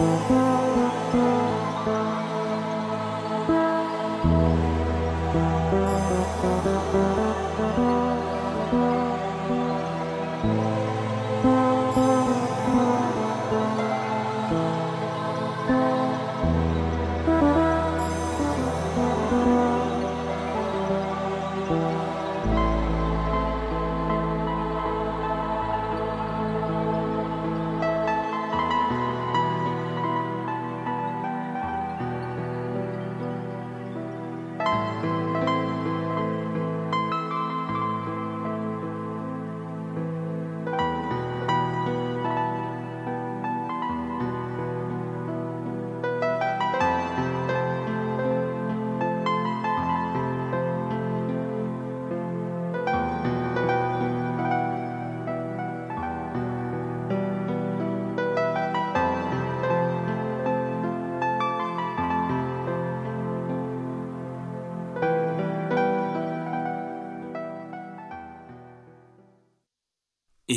Música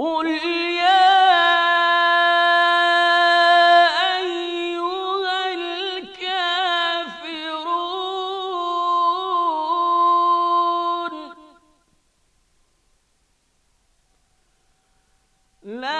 قل يا أيها الكافرون لا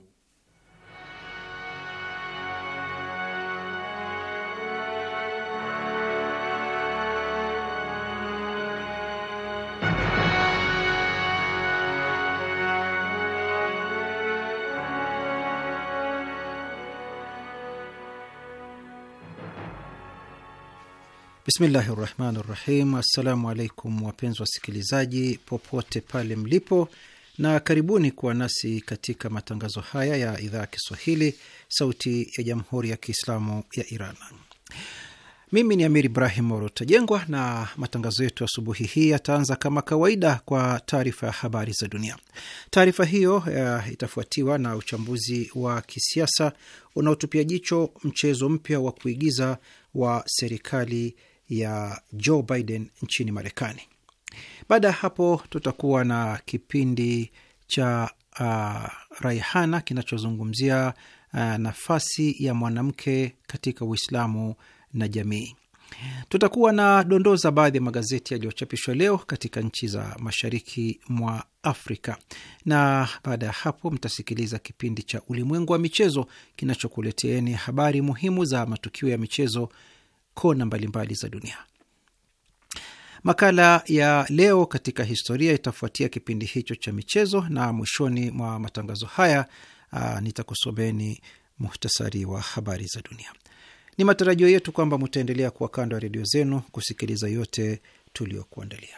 Bismillahi rahmani rahim. Assalamu alaikum wapenzi wasikilizaji popote pale mlipo, na karibuni kuwa nasi katika matangazo haya ya idhaa ya Kiswahili, Sauti ya Jamhuri ya Kiislamu ya Iran. Mimi ni Amir Ibrahim Orotajengwa, na matangazo yetu asubuhi hii yataanza kama kawaida kwa taarifa ya habari za dunia. Taarifa hiyo eh, itafuatiwa na uchambuzi wa kisiasa unaotupia jicho mchezo mpya wa kuigiza wa serikali ya Joe Biden nchini Marekani. Baada ya hapo, tutakuwa na kipindi cha uh, Raihana kinachozungumzia uh, nafasi ya mwanamke katika Uislamu na jamii. Tutakuwa na dondoo za baadhi ya magazeti yaliyochapishwa leo katika nchi za mashariki mwa Afrika, na baada ya hapo mtasikiliza kipindi cha ulimwengu wa michezo kinachokuleteeni habari muhimu za matukio ya michezo kona mbalimbali za dunia. Makala ya leo katika historia itafuatia kipindi hicho cha michezo, na mwishoni mwa matangazo haya uh, nitakusomeni muhtasari wa habari za dunia. Ni matarajio yetu kwamba mutaendelea kuwa kando ya redio zenu kusikiliza yote tuliyokuandalia.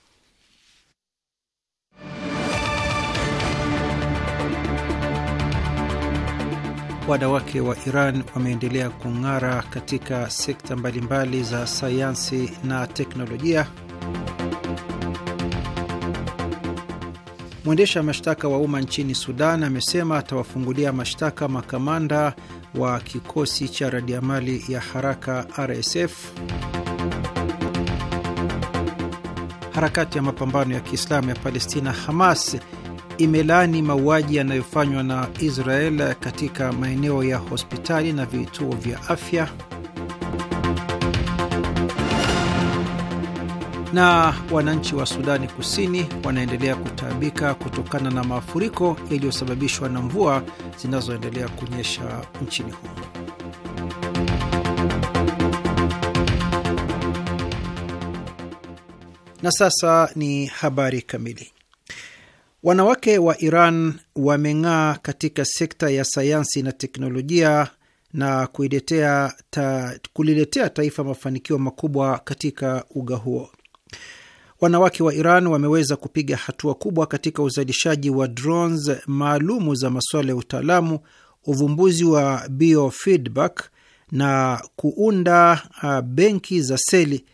wake wa Iran wameendelea kung'ara katika sekta mbalimbali za sayansi na teknolojia. Mwendesha mashtaka wa umma nchini Sudan amesema atawafungulia mashtaka makamanda wa kikosi cha radiamali ya haraka RSF. Harakati ya mapambano ya Kiislamu ya Palestina Hamas imelaani mauaji yanayofanywa na Israel katika maeneo ya hospitali na vituo vya afya. Na wananchi wa Sudani Kusini wanaendelea kutaabika kutokana na mafuriko yaliyosababishwa na mvua zinazoendelea kunyesha nchini humo. Na sasa ni habari kamili. Wanawake wa Iran wameng'aa katika sekta ya sayansi na teknolojia na kuidetea ta, kuliletea taifa mafanikio makubwa katika uga huo. Wanawake wa Iran wameweza kupiga hatua kubwa katika uzalishaji wa drones maalumu za masuala ya utaalamu, uvumbuzi wa biofeedback na kuunda uh, benki za seli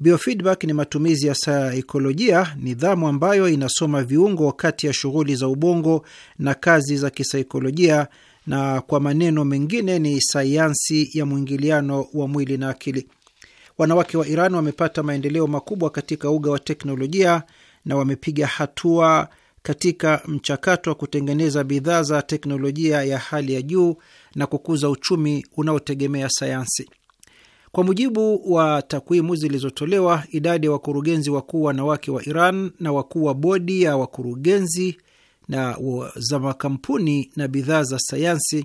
Biofeedback ni matumizi ya saikolojia, nidhamu ambayo inasoma viungo kati ya shughuli za ubongo na kazi za kisaikolojia, na kwa maneno mengine ni sayansi ya mwingiliano wa mwili na akili. Wanawake wa Iran wamepata maendeleo makubwa katika uga wa teknolojia na wamepiga hatua katika mchakato wa kutengeneza bidhaa za teknolojia ya hali ya juu na kukuza uchumi unaotegemea sayansi. Kwa mujibu wa takwimu zilizotolewa, idadi ya wakurugenzi wakuu wanawake wa Iran na wakuu wa bodi ya wakurugenzi na za makampuni na bidhaa za sayansi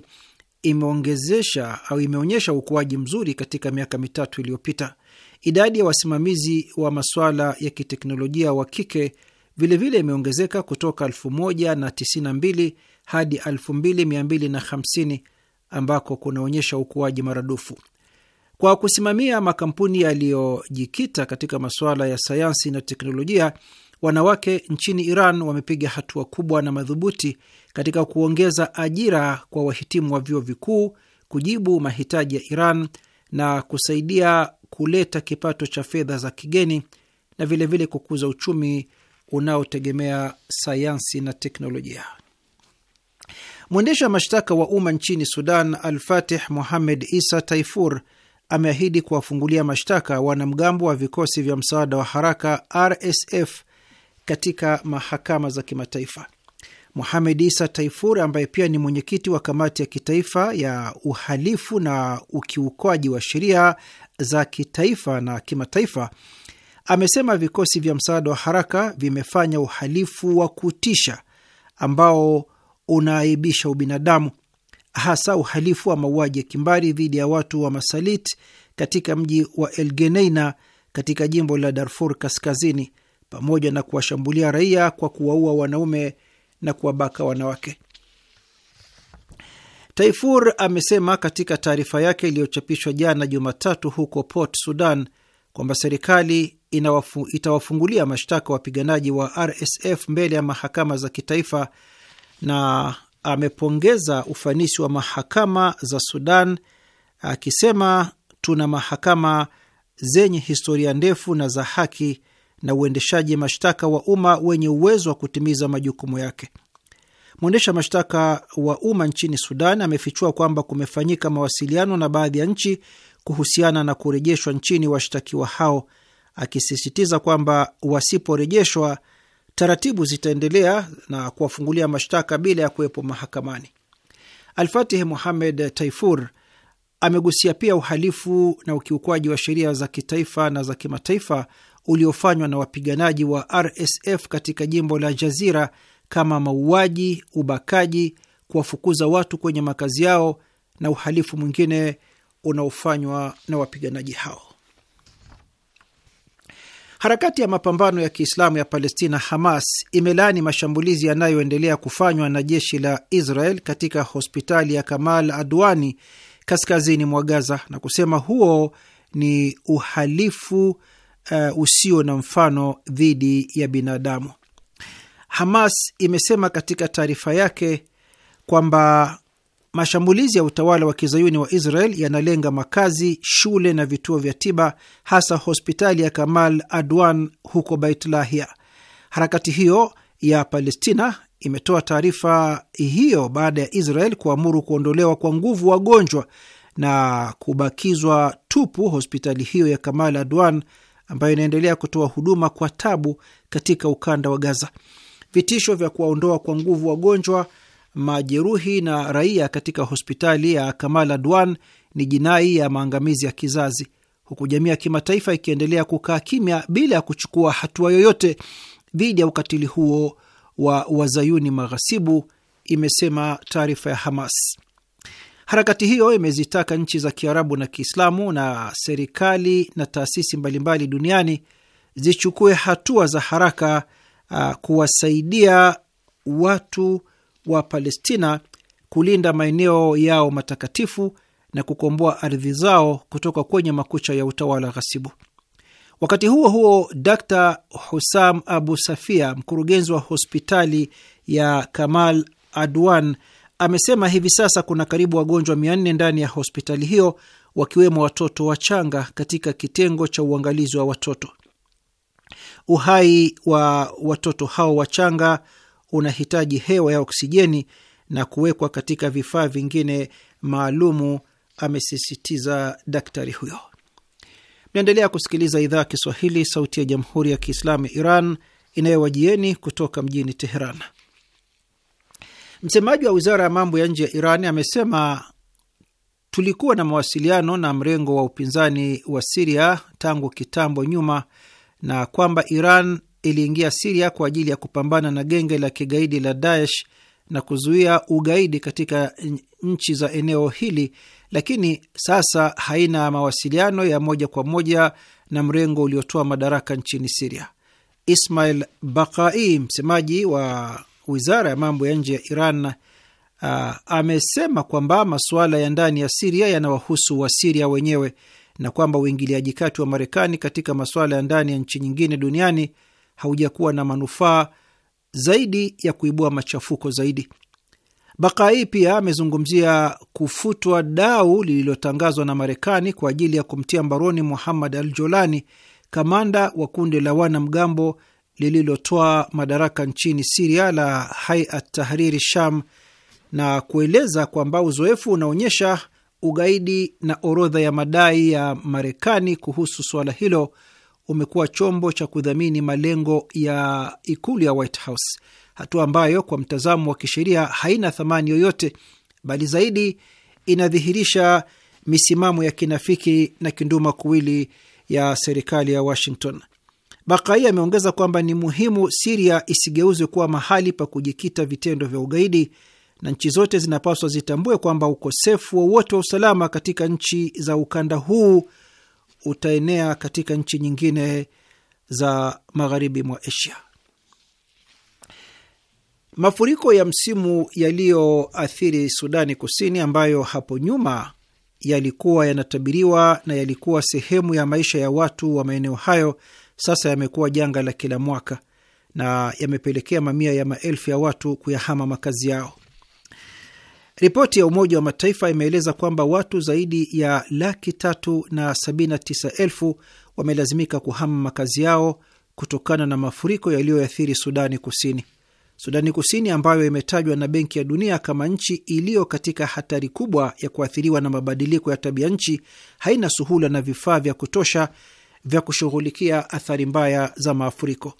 imeongezesha au imeonyesha ukuaji mzuri katika miaka mitatu iliyopita. Idadi ya wasimamizi wa masuala ya kiteknolojia wa kike vilevile imeongezeka kutoka 1092 hadi 2250 ambako kunaonyesha ukuaji maradufu. Kwa kusimamia makampuni yaliyojikita katika masuala ya sayansi na teknolojia, wanawake nchini Iran wamepiga hatua kubwa na madhubuti katika kuongeza ajira kwa wahitimu wa vyuo vikuu, kujibu mahitaji ya Iran na kusaidia kuleta kipato cha fedha za kigeni na vilevile vile kukuza uchumi unaotegemea sayansi na teknolojia. Mwendesha mashtaka wa umma nchini Sudan Al Fatih Isa Taifur ameahidi kuwafungulia mashtaka wanamgambo wa vikosi vya msaada wa haraka RSF katika mahakama za kimataifa. Mohamed Isa Taifur ambaye pia ni mwenyekiti wa kamati ya kitaifa ya uhalifu na ukiukwaji wa sheria za kitaifa na kimataifa amesema vikosi vya msaada wa haraka vimefanya uhalifu wa kutisha ambao unaaibisha ubinadamu hasa uhalifu wa mauaji ya kimbari dhidi ya watu wa Masalit katika mji wa elgeneina katika jimbo la Darfur Kaskazini, pamoja na kuwashambulia raia kwa kuwaua wanaume na kuwabaka wanawake. Taifur amesema katika taarifa yake iliyochapishwa jana Jumatatu huko Port Sudan kwamba serikali inawafu, itawafungulia mashtaka wapiganaji wa RSF mbele ya mahakama za kitaifa na amepongeza ufanisi wa mahakama za Sudan akisema, tuna mahakama zenye historia ndefu na za haki na uendeshaji mashtaka wa umma wenye uwezo wa kutimiza majukumu yake. Mwendesha mashtaka wa umma nchini Sudan amefichua kwamba kumefanyika mawasiliano na baadhi ya nchi kuhusiana na kurejeshwa nchini washtakiwa hao, akisisitiza kwamba wasiporejeshwa taratibu zitaendelea na kuwafungulia mashtaka bila ya kuwepo mahakamani. Alfatih Muhamed Taifur amegusia pia uhalifu na ukiukwaji wa sheria za kitaifa na za kimataifa uliofanywa na wapiganaji wa RSF katika jimbo la Jazira kama mauaji, ubakaji, kuwafukuza watu kwenye makazi yao na uhalifu mwingine unaofanywa na wapiganaji hao. Harakati ya mapambano ya Kiislamu ya Palestina, Hamas, imelaani mashambulizi yanayoendelea kufanywa na jeshi la Israel katika hospitali ya Kamal Adwani kaskazini mwa Gaza na kusema huo ni uhalifu uh, usio na mfano dhidi ya binadamu. Hamas imesema katika taarifa yake kwamba Mashambulizi ya utawala wa kizayuni wa Israel yanalenga makazi, shule na vituo vya tiba, hasa hospitali ya Kamal Adwan huko Baitlahia. Harakati hiyo ya Palestina imetoa taarifa hiyo baada ya Israel kuamuru kuondolewa kwa nguvu wagonjwa na kubakizwa tupu hospitali hiyo ya Kamal Adwan ambayo inaendelea kutoa huduma kwa tabu katika ukanda wa Gaza. Vitisho vya kuwaondoa kwa nguvu wagonjwa majeruhi na raia katika hospitali ya Kamal Adwan ni jinai ya maangamizi ya kizazi, huku jamii ya kimataifa ikiendelea kukaa kimya bila ya kuchukua hatua yoyote dhidi ya ukatili huo wa wazayuni maghasibu, imesema taarifa ya Hamas. Harakati hiyo imezitaka nchi za Kiarabu na Kiislamu na serikali na taasisi mbalimbali duniani zichukue hatua za haraka uh, kuwasaidia watu wa Palestina kulinda maeneo yao matakatifu na kukomboa ardhi zao kutoka kwenye makucha ya utawala ghasibu. Wakati huo huo, Dr Husam Abu Safia, mkurugenzi wa hospitali ya Kamal Adwan, amesema hivi sasa kuna karibu wagonjwa 400 ndani ya hospitali hiyo, wakiwemo watoto wachanga katika kitengo cha uangalizi wa watoto. Uhai wa watoto hao wachanga unahitaji hewa ya oksijeni na kuwekwa katika vifaa vingine maalumu, amesisitiza daktari huyo. Mnaendelea kusikiliza idhaa ya Kiswahili, sauti ya jamhuri ya kiislamu ya Iran inayowajieni kutoka mjini Teheran. Msemaji wa wizara ya mambo ya nje ya Iran amesema tulikuwa na mawasiliano na mrengo wa upinzani wa Siria tangu kitambo nyuma na kwamba Iran iliingia Siria kwa ajili ya kupambana na genge la kigaidi la Daesh na kuzuia ugaidi katika nchi za eneo hili, lakini sasa haina mawasiliano ya moja kwa moja na mrengo uliotoa madaraka nchini Siria. Ismail Bakai, msemaji wa wizara ya mambo ya nje ya Iran, uh, amesema kwamba masuala ya ndani ya Siria yanawahusu wa siria wenyewe na kwamba uingiliaji kati wa Marekani katika masuala ya ndani ya nchi nyingine duniani haujakuwa na manufaa zaidi ya kuibua machafuko zaidi. Bakai pia amezungumzia kufutwa dau lililotangazwa na Marekani kwa ajili ya kumtia mbaroni Muhammad al Jolani, kamanda wa kundi la wanamgambo lililotoa madaraka nchini Siria la Haiat Tahriri Sham, na kueleza kwamba uzoefu unaonyesha ugaidi na orodha ya madai ya Marekani kuhusu suala hilo umekuwa chombo cha kudhamini malengo ya ikulu ya White House, hatua ambayo kwa mtazamo wa kisheria haina thamani yoyote, bali zaidi inadhihirisha misimamo ya kinafiki na kinduma kuwili ya serikali ya Washington. Bakai ameongeza kwamba ni muhimu Siria isigeuzwe kuwa mahali pa kujikita vitendo vya ugaidi na nchi zote zinapaswa zitambue kwamba ukosefu wowote wa usalama katika nchi za ukanda huu utaenea katika nchi nyingine za magharibi mwa Asia. Mafuriko ya msimu yaliyoathiri Sudani Kusini, ambayo hapo nyuma yalikuwa yanatabiriwa na yalikuwa sehemu ya maisha ya watu wa maeneo hayo, sasa yamekuwa janga la kila mwaka na yamepelekea mamia ya maelfu ya watu kuyahama makazi yao. Ripoti ya Umoja wa Mataifa imeeleza kwamba watu zaidi ya laki tatu na sabini na tisa elfu wamelazimika kuhama makazi yao kutokana na mafuriko yaliyoathiri Sudani Kusini. Sudani Kusini ambayo imetajwa na Benki ya Dunia kama nchi iliyo katika hatari kubwa ya kuathiriwa na mabadiliko ya tabia nchi haina suhula na vifaa vya kutosha vya kushughulikia athari mbaya za mafuriko.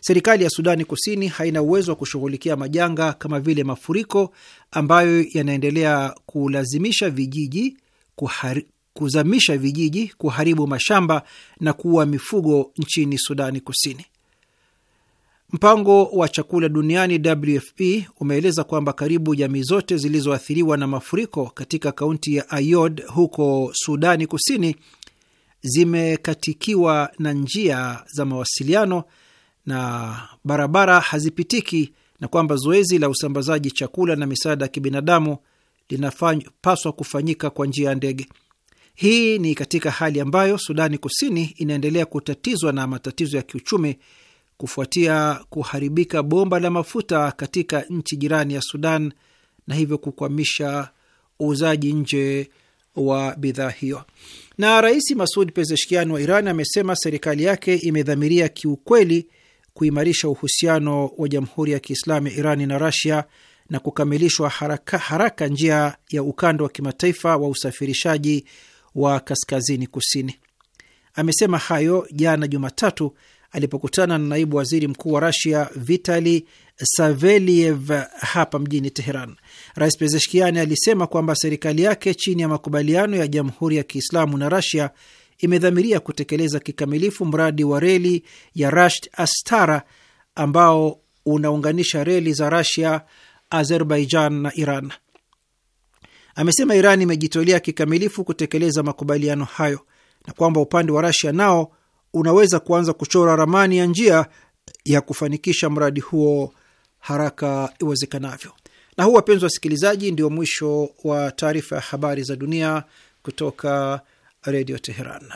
Serikali ya Sudani Kusini haina uwezo wa kushughulikia majanga kama vile mafuriko ambayo yanaendelea kulazimisha vijiji kuhari, kuzamisha vijiji, kuharibu mashamba na kuua mifugo nchini Sudani Kusini. Mpango wa chakula duniani WFP umeeleza kwamba karibu jamii zote zilizoathiriwa na mafuriko katika kaunti ya Ayod huko Sudani Kusini zimekatikiwa na njia za mawasiliano na barabara hazipitiki na kwamba zoezi la usambazaji chakula na misaada ya kibinadamu linapaswa kufanyika kwa njia ya ndege. Hii ni katika hali ambayo Sudani Kusini inaendelea kutatizwa na matatizo ya kiuchumi kufuatia kuharibika bomba la mafuta katika nchi jirani ya Sudan na hivyo kukwamisha uuzaji nje wa bidhaa hiyo. Na Rais Masud Pezeshkian wa Iran amesema serikali yake imedhamiria kiukweli kuimarisha uhusiano wa Jamhuri ya Kiislamu ya Irani na Rasia na kukamilishwa haraka, haraka njia ya ukanda wa kimataifa wa usafirishaji wa kaskazini kusini. Amesema hayo jana Jumatatu alipokutana na naibu waziri mkuu wa Rasia Vitali Saveliev hapa mjini Teheran. Rais Pezeshkiani alisema kwamba serikali yake chini ya makubaliano ya Jamhuri ya Kiislamu na Rasia imedhamiria kutekeleza kikamilifu mradi wa reli ya Rasht Astara ambao unaunganisha reli za Rasia, Azerbaijan na Iran. Amesema Iran imejitolea kikamilifu kutekeleza makubaliano hayo na kwamba upande wa Rasia nao unaweza kuanza kuchora ramani ya njia ya kufanikisha mradi huo haraka iwezekanavyo. Na huu, wapenzi wasikilizaji, ndio mwisho wa taarifa ya habari za dunia kutoka Redio Teheran.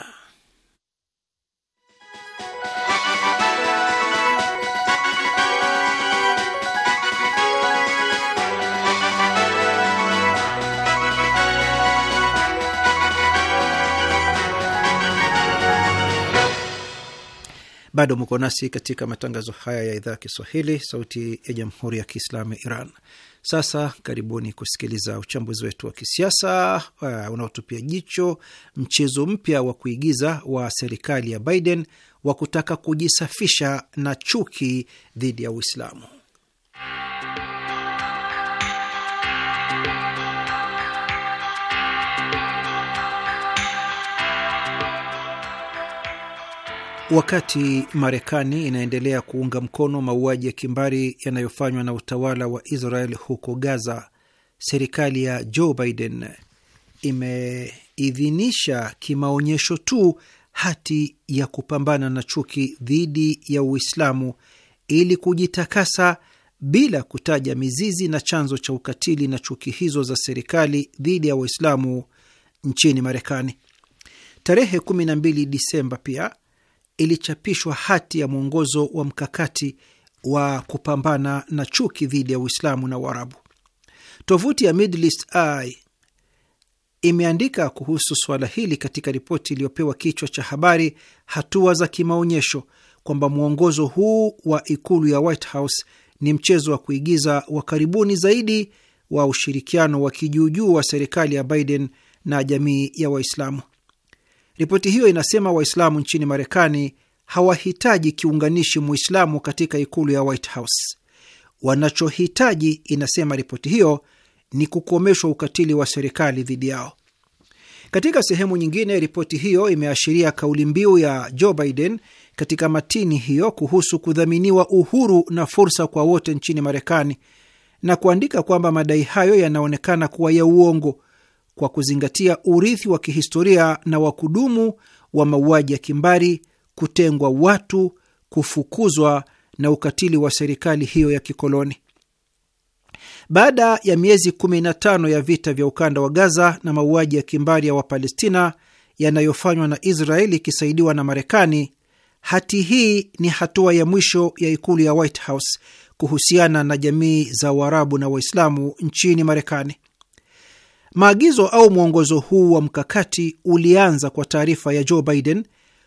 Bado mko nasi katika matangazo haya ya idhaa ya Kiswahili, sauti ya jamhuri ya kiislamu ya Iran. Sasa karibuni kusikiliza uchambuzi wetu wa kisiasa uh, unaotupia jicho mchezo mpya wa kuigiza wa serikali ya Biden wa kutaka kujisafisha na chuki dhidi ya Uislamu. Wakati Marekani inaendelea kuunga mkono mauaji ya kimbari yanayofanywa na utawala wa Israel huko Gaza, serikali ya Joe Biden imeidhinisha kimaonyesho tu hati ya kupambana na chuki dhidi ya Uislamu ili kujitakasa bila kutaja mizizi na chanzo cha ukatili na chuki hizo za serikali dhidi ya Waislamu nchini Marekani. Tarehe 12 Disemba pia ilichapishwa hati ya mwongozo wa mkakati wa kupambana na chuki dhidi ya Uislamu na Uarabu. Tovuti ya Middle East Eye imeandika kuhusu suala hili katika ripoti iliyopewa kichwa cha habari hatua za kimaonyesho, kwamba mwongozo huu wa ikulu ya White House ni mchezo wa kuigiza wa karibuni zaidi wa ushirikiano wa kijuujuu wa serikali ya Biden na jamii ya Waislamu. Ripoti hiyo inasema Waislamu nchini Marekani hawahitaji kiunganishi Muislamu katika ikulu ya White House. Wanachohitaji, inasema ripoti hiyo, ni kukomeshwa ukatili wa serikali dhidi yao. Katika sehemu nyingine, ripoti hiyo imeashiria kauli mbiu ya Joe Biden katika matini hiyo kuhusu kudhaminiwa uhuru na fursa kwa wote nchini Marekani na kuandika kwamba madai hayo yanaonekana kuwa ya uongo kwa kuzingatia urithi wa kihistoria na wa kudumu wa mauaji ya kimbari, kutengwa watu, kufukuzwa na ukatili wa serikali hiyo ya kikoloni. Baada ya miezi 15 ya vita vya ukanda wa Gaza na mauaji ya kimbari ya Wapalestina yanayofanywa na Israeli ikisaidiwa na Marekani, hati hii ni hatua ya mwisho ya ikulu ya White House kuhusiana na jamii za Waarabu na Waislamu nchini Marekani. Maagizo au mwongozo huu wa mkakati ulianza kwa taarifa ya Joe Biden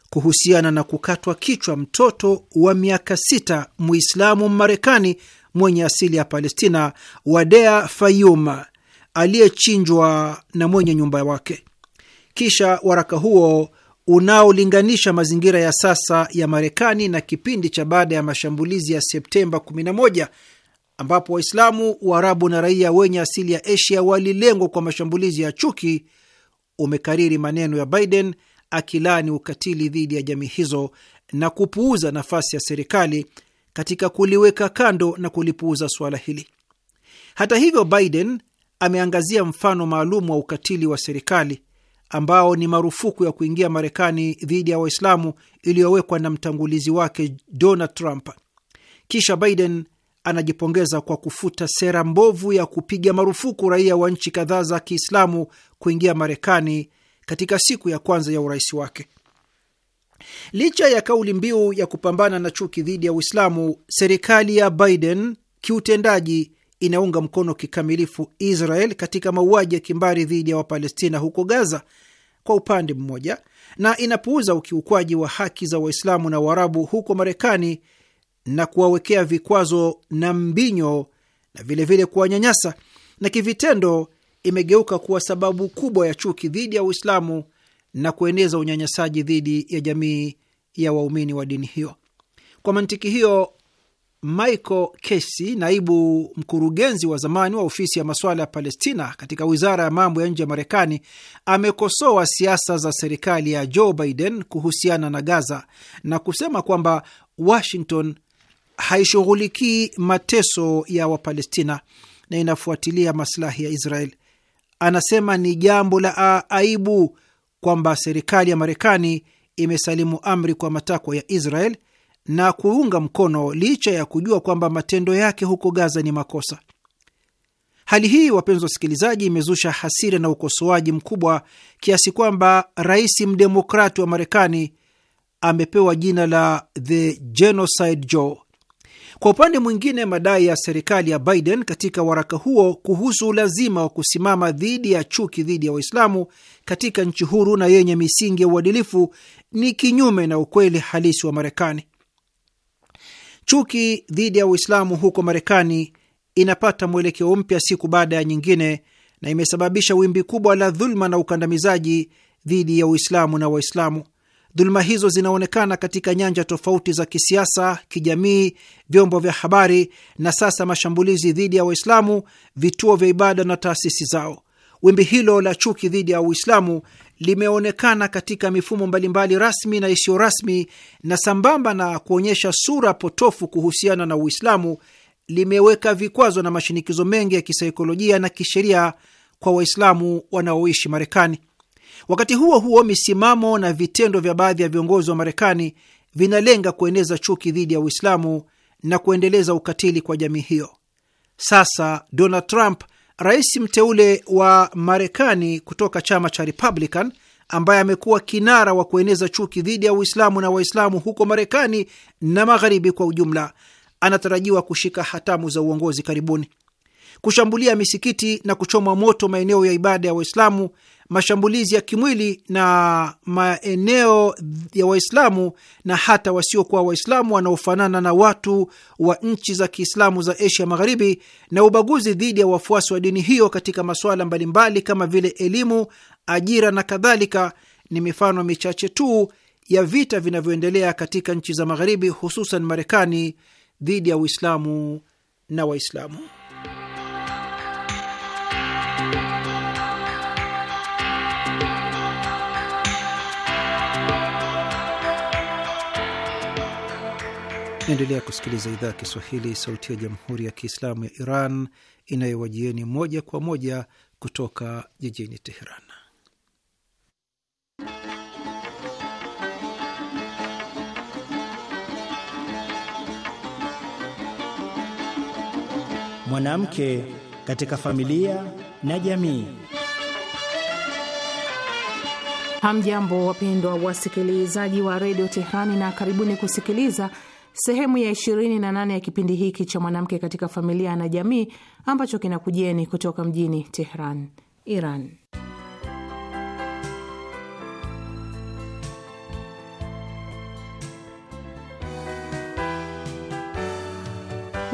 kuhusiana na kukatwa kichwa mtoto wa miaka sita Muislamu Mmarekani mwenye asili ya Palestina, Wadea fayuma aliyechinjwa na mwenye nyumba wake. Kisha waraka huo unaolinganisha mazingira ya sasa ya Marekani na kipindi cha baada ya mashambulizi ya Septemba 11 ambapo Waislamu, Waarabu na raia wenye asili ya Asia walilengwa kwa mashambulizi ya chuki, umekariri maneno ya Biden akilani ukatili dhidi ya jamii hizo na kupuuza nafasi ya serikali katika kuliweka kando na kulipuuza suala hili. Hata hivyo, Biden ameangazia mfano maalum wa ukatili wa serikali ambao ni marufuku ya kuingia Marekani dhidi ya Waislamu iliyowekwa na mtangulizi wake Donald Trump. Kisha Biden anajipongeza kwa kufuta sera mbovu ya kupiga marufuku raia wa nchi kadhaa za Kiislamu kuingia Marekani katika siku ya kwanza ya urais wake. Licha ya kauli mbiu ya kupambana na chuki dhidi ya Uislamu, serikali ya Biden kiutendaji inaunga mkono kikamilifu Israel katika mauaji ya kimbari dhidi ya Wapalestina huko Gaza kwa upande mmoja, na inapuuza ukiukwaji wa haki za Waislamu na Waarabu huko Marekani na kuwawekea vikwazo na mbinyo na vilevile kuwanyanyasa, na kivitendo imegeuka kuwa sababu kubwa ya chuki dhidi ya Uislamu na kueneza unyanyasaji dhidi ya jamii ya waumini wa dini hiyo. Kwa mantiki hiyo, Michael Casey, naibu mkurugenzi wa zamani wa ofisi ya masuala ya Palestina katika wizara ya mambo ya nje ya Marekani, amekosoa siasa za serikali ya Joe Biden kuhusiana na Gaza na kusema kwamba Washington haishughulikii mateso ya Wapalestina na inafuatilia maslahi ya Israel. Anasema ni jambo la aibu kwamba serikali ya Marekani imesalimu amri kwa matakwa ya Israel na kuunga mkono licha ya kujua kwamba matendo yake huko Gaza ni makosa. Hali hii, wapenzi wasikilizaji, imezusha hasira na ukosoaji mkubwa kiasi kwamba rais mdemokrati wa Marekani amepewa jina la the Genocide Joe, kwa upande mwingine, madai ya serikali ya Biden katika waraka huo kuhusu ulazima wa kusimama dhidi ya chuki dhidi ya Waislamu katika nchi huru na yenye misingi ya uadilifu ni kinyume na ukweli halisi wa Marekani. Chuki dhidi ya Uislamu huko Marekani inapata mwelekeo mpya siku baada ya nyingine na imesababisha wimbi kubwa la dhuluma na ukandamizaji dhidi ya Uislamu na Waislamu. Dhuluma hizo zinaonekana katika nyanja tofauti za kisiasa, kijamii, vyombo vya habari na sasa mashambulizi dhidi ya Waislamu, vituo vya ibada na taasisi zao. Wimbi hilo la chuki dhidi ya Uislamu limeonekana katika mifumo mbalimbali rasmi na isiyo rasmi, na sambamba na kuonyesha sura potofu kuhusiana na Uislamu, limeweka vikwazo na mashinikizo mengi ya kisaikolojia na kisheria kwa Waislamu wanaoishi Marekani. Wakati huo huo, misimamo na vitendo vya baadhi ya viongozi wa Marekani vinalenga kueneza chuki dhidi ya Uislamu na kuendeleza ukatili kwa jamii hiyo. Sasa Donald Trump, rais mteule wa Marekani kutoka chama cha Republican, ambaye amekuwa kinara wa kueneza chuki dhidi ya Uislamu na Waislamu huko Marekani na Magharibi kwa ujumla, anatarajiwa kushika hatamu za uongozi karibuni. Kushambulia misikiti na kuchoma moto maeneo ya ibada ya Waislamu mashambulizi ya kimwili na maeneo ya Waislamu na hata wasiokuwa Waislamu wanaofanana na watu wa nchi za Kiislamu za Asia Magharibi na ubaguzi dhidi ya wafuasi wa dini hiyo katika masuala mbalimbali kama vile elimu, ajira na kadhalika ni mifano michache tu ya vita vinavyoendelea katika nchi za Magharibi, hususan Marekani, dhidi ya Uislamu na Waislamu. Naendelea kusikiliza idhaa ya Kiswahili, sauti ya jamhuri ya kiislamu ya Iran inayowajieni moja kwa moja kutoka jijini Teheran. Mwanamke katika familia na jamii. Hamjambo, wapendwa wasikilizaji wa redio Teherani, na karibuni kusikiliza sehemu ya 28 ya kipindi hiki cha mwanamke katika familia na jamii ambacho kinakujeni kutoka mjini Tehran, Iran.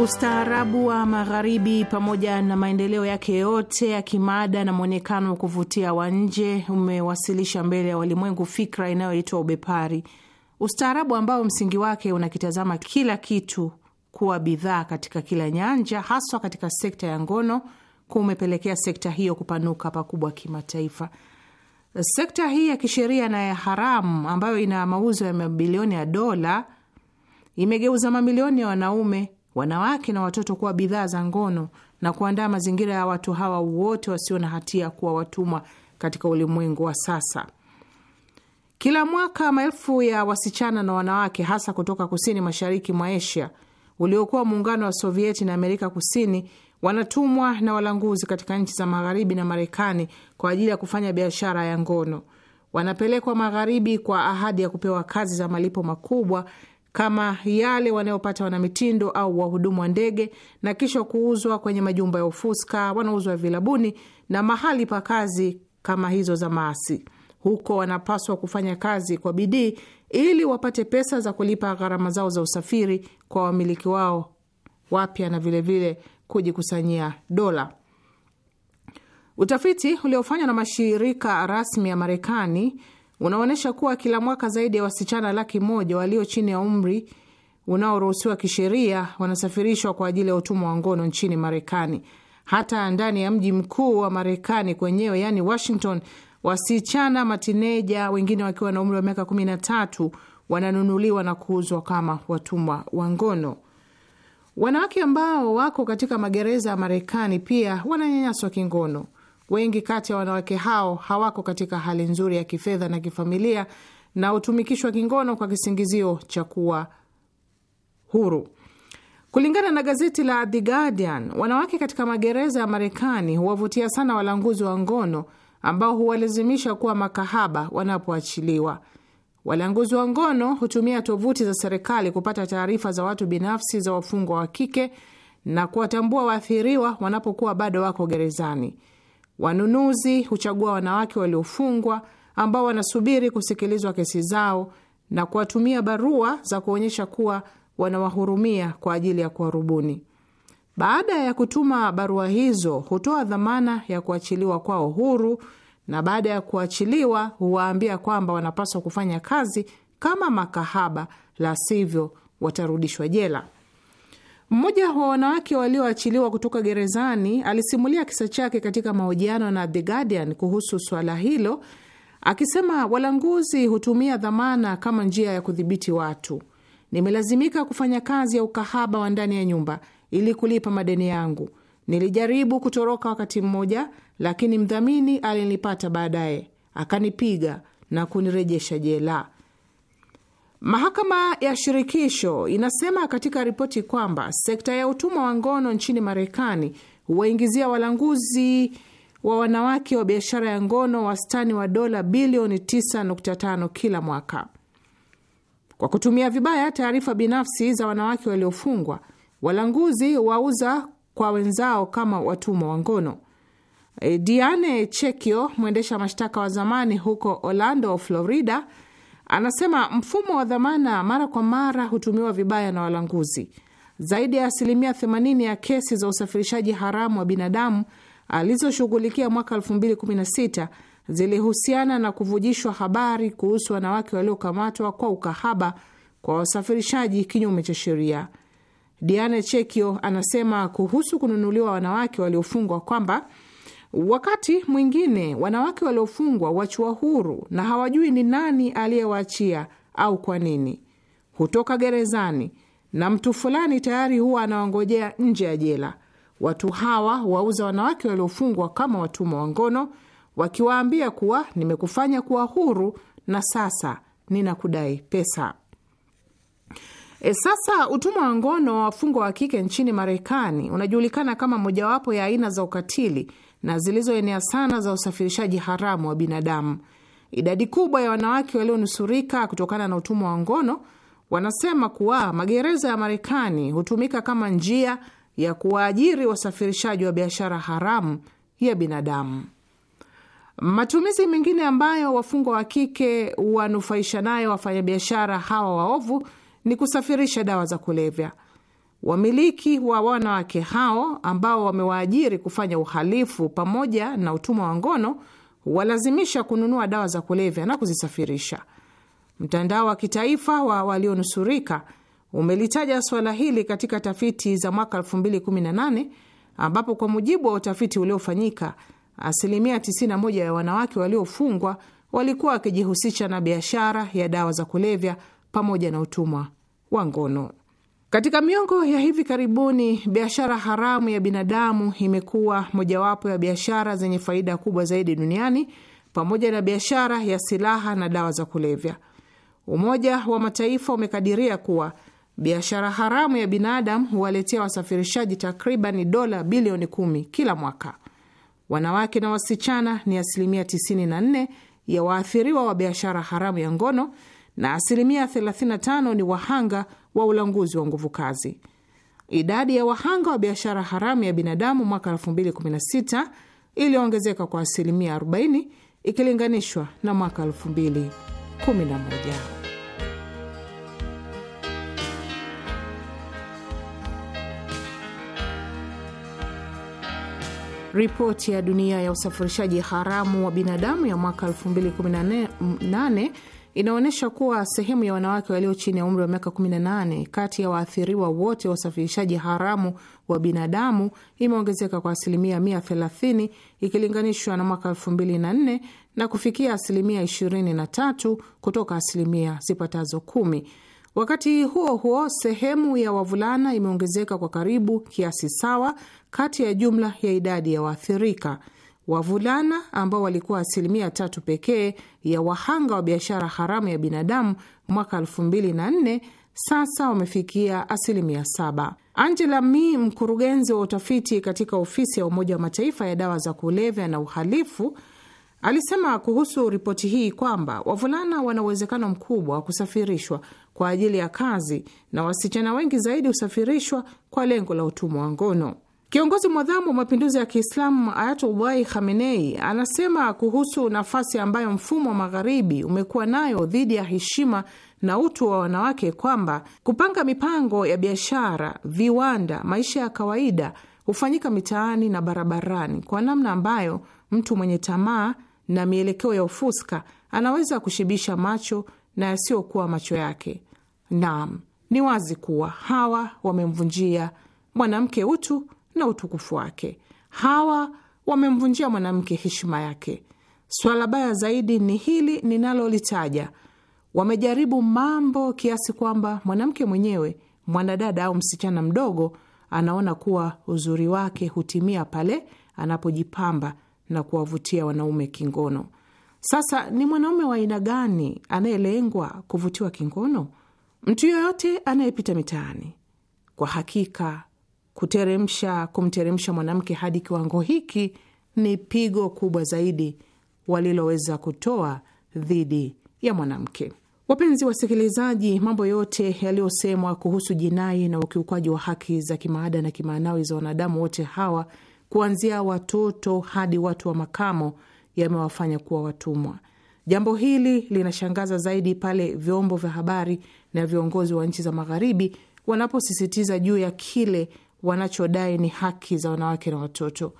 Ustaarabu wa Magharibi pamoja na maendeleo yake yote ya kimada na mwonekano wa kuvutia wa nje umewasilisha mbele ya walimwengu fikra inayoitwa ubepari ustaarabu ambao msingi wake unakitazama kila kitu kuwa bidhaa katika kila nyanja, haswa katika sekta ya ngono, kumepelekea sekta hiyo kupanuka pakubwa kimataifa. Sekta hii ya kisheria na ya haramu ambayo ina mauzo ya mabilioni ya dola imegeuza mamilioni ya wanaume, wanawake na watoto kuwa bidhaa za ngono na kuandaa mazingira ya watu hawa wote wasio na hatia kuwa watumwa katika ulimwengu wa sasa. Kila mwaka maelfu ya wasichana na wanawake hasa kutoka kusini mashariki mwa Asia uliokuwa muungano wa Sovieti na Amerika Kusini wanatumwa na walanguzi katika nchi za magharibi na Marekani kwa ajili ya kufanya biashara ya ngono. Wanapelekwa magharibi kwa ahadi ya kupewa kazi za malipo makubwa kama yale wanayopata wanamitindo au wahudumu wa ndege, na kisha kuuzwa kwenye majumba ya ufuska, wanauzwa vilabuni na mahali pa kazi kama hizo za maasi. Huko wanapaswa kufanya kazi kwa bidii ili wapate pesa za kulipa gharama zao za usafiri kwa wamiliki wao wapya na vilevile kujikusanyia dola. Utafiti uliofanywa na mashirika rasmi ya Marekani unaonyesha kuwa kila mwaka zaidi ya wasichana laki moja walio chini ya umri unaoruhusiwa kisheria wanasafirishwa kwa ajili ya utumwa wa ngono nchini Marekani. Hata ndani ya mji mkuu wa Marekani kwenyewe, yaani Washington, Wasichana matineja wengine wakiwa na umri wa miaka kumi na tatu wananunuliwa na kuuzwa kama watumwa wa ngono. Wanawake ambao wako katika magereza ya Marekani pia wananyanyaswa kingono. Wengi kati ya wanawake hao hawako katika hali nzuri ya kifedha na kifamilia, na hutumikishwa kingono kwa kisingizio cha kuwa huru. Kulingana na gazeti la The Guardian, wanawake katika magereza ya Marekani huwavutia sana walanguzi wa ngono ambao huwalazimisha kuwa makahaba wanapoachiliwa. Walanguzi wa ngono hutumia tovuti za serikali kupata taarifa za watu binafsi za wafungwa wa kike na kuwatambua waathiriwa wanapokuwa bado wako gerezani. Wanunuzi huchagua wanawake waliofungwa ambao wanasubiri kusikilizwa kesi zao na kuwatumia barua za kuonyesha kuwa wanawahurumia kwa ajili ya kuwarubuni. Baada ya kutuma barua hizo hutoa dhamana ya kuachiliwa kwao huru, na baada ya kuachiliwa huwaambia kwamba wanapaswa kufanya kazi kama makahaba, la sivyo watarudishwa jela. Mmoja wa wanawake walioachiliwa kutoka gerezani alisimulia kisa chake katika mahojiano na The Guardian kuhusu swala hilo, akisema walanguzi hutumia dhamana kama njia ya kudhibiti watu. Nimelazimika kufanya kazi ya ukahaba wa ndani ya nyumba ili kulipa madeni yangu. Nilijaribu kutoroka wakati mmoja, lakini mdhamini alinipata baadaye, akanipiga na kunirejesha jela. Mahakama ya shirikisho inasema katika ripoti kwamba sekta ya utumwa wa ngono nchini Marekani huwaingizia walanguzi wa wanawake wa biashara ya ngono wastani wa dola bilioni 9.5 kila mwaka. Kwa kutumia vibaya taarifa binafsi za wanawake waliofungwa, Walanguzi wauza kwa wenzao kama watumwa wa ngono. E, Diane Chekio, mwendesha mashtaka wa zamani huko Orlando, Florida, anasema mfumo wa dhamana mara kwa mara hutumiwa vibaya na walanguzi. Zaidi ya asilimia 80 ya kesi za usafirishaji haramu wa binadamu alizoshughulikia mwaka 2016 zilihusiana na kuvujishwa habari kuhusu wanawake waliokamatwa kwa ukahaba kwa wasafirishaji kinyume cha sheria. Diana Chekio anasema kuhusu kununuliwa wanawake waliofungwa kwamba wakati mwingine wanawake waliofungwa wachua huru na hawajui ni nani aliyewaachia au kwa nini, hutoka gerezani na mtu fulani tayari huwa anawangojea nje ya jela. Watu hawa wauza wanawake waliofungwa kama watumwa wa ngono, wakiwaambia kuwa nimekufanya kuwa huru na sasa ninakudai pesa. E, sasa utumwa wa ngono wa wafungwa wa kike nchini Marekani unajulikana kama mojawapo ya aina za ukatili na zilizoenea sana za usafirishaji haramu wa binadamu. Idadi kubwa ya wanawake walionusurika kutokana na utumwa wa ngono wanasema kuwa magereza ya Marekani hutumika kama njia ya kuwaajiri wasafirishaji wa biashara haramu ya binadamu. Matumizi mengine ambayo wafungwa wa kike wanufaisha nayo wafanyabiashara hawa waovu ni kusafirisha dawa za kulevya. Wamiliki wa wanawake hao ambao wamewaajiri kufanya uhalifu pamoja na utumwa wa ngono walazimisha kununua dawa za kulevya na kuzisafirisha. Mtandao wa kitaifa wa walionusurika umelitaja suala hili katika tafiti za mwaka 2018 ambapo kwa mujibu wa utafiti uliofanyika asilimia 91 ya wanawake waliofungwa walikuwa wakijihusisha na biashara ya dawa za kulevya pamoja na utumwa wa ngono. Katika miongo ya hivi karibuni, biashara haramu ya binadamu imekuwa mojawapo ya biashara zenye faida kubwa zaidi duniani pamoja na biashara ya silaha na dawa za kulevya. Umoja wa Mataifa umekadiria kuwa biashara haramu ya binadamu huwaletea wasafirishaji takriban dola bilioni kumi kila mwaka. Wanawake na wasichana ni asilimia 94 ya waathiriwa wa biashara haramu ya ngono na asilimia 35 ni wahanga wa ulanguzi wa nguvu kazi. Idadi ya wahanga wa biashara haramu ya binadamu mwaka 2016 iliongezeka kwa asilimia 40 ikilinganishwa na mwaka 2011. Ripoti ya dunia ya usafirishaji haramu wa binadamu ya mwaka 2018 inaonyesha kuwa sehemu ya wanawake walio chini ya umri wa miaka 18 kati ya waathiriwa wote wa usafirishaji haramu wa binadamu imeongezeka kwa asilimia 130 ikilinganishwa na mwaka 2004 na kufikia asilimia 23 kutoka asilimia zipatazo kumi. Wakati huo huo, sehemu ya wavulana imeongezeka kwa karibu kiasi sawa kati ya jumla ya idadi ya waathirika. Wavulana ambao walikuwa asilimia tatu pekee ya wahanga wa biashara haramu ya binadamu mwaka nne sasa wamefikia asilimia saba. Angela Mi, mkurugenzi wa utafiti katika ofisi ya Umoja wa Mataifa ya dawa za kulevya na uhalifu, alisema kuhusu ripoti hii kwamba wavulana wana uwezekano mkubwa wa kusafirishwa kwa ajili ya kazi na wasichana wengi zaidi husafirishwa kwa lengo la utumwa wa ngono. Kiongozi mwadhamu wa mapinduzi ya Kiislamu Ayatullahi Khamenei anasema kuhusu nafasi ambayo mfumo wa Magharibi umekuwa nayo dhidi ya heshima na utu wa wanawake kwamba kupanga mipango ya biashara, viwanda, maisha ya kawaida hufanyika mitaani na barabarani kwa namna ambayo mtu mwenye tamaa na mielekeo ya ufuska anaweza kushibisha macho na yasiyokuwa macho yake. Naam, ni wazi kuwa hawa wamemvunjia mwanamke utu na utukufu wake. Hawa wamemvunjia mwanamke heshima yake. Swala baya zaidi ni hili ninalolitaja, wamejaribu mambo kiasi kwamba mwanamke mwenyewe, mwanadada au msichana mdogo, anaona kuwa uzuri wake hutimia pale anapojipamba na kuwavutia wanaume kingono. Sasa ni mwanaume wa aina gani anayelengwa kuvutiwa kingono? Mtu yoyote anayepita mitaani, kwa hakika Kuteremsha kumteremsha mwanamke hadi kiwango hiki ni pigo kubwa zaidi waliloweza kutoa dhidi ya mwanamke. Wapenzi wasikilizaji, mambo yote yaliyosemwa kuhusu jinai na ukiukwaji wa haki za kimaada na kimaanawi za wanadamu wote hawa, kuanzia watoto hadi watu wa makamo, yamewafanya kuwa watumwa. Jambo hili linashangaza zaidi pale vyombo vya habari na viongozi wa nchi za Magharibi wanaposisitiza juu ya kile wanachodai ni haki za wanawake na watoto.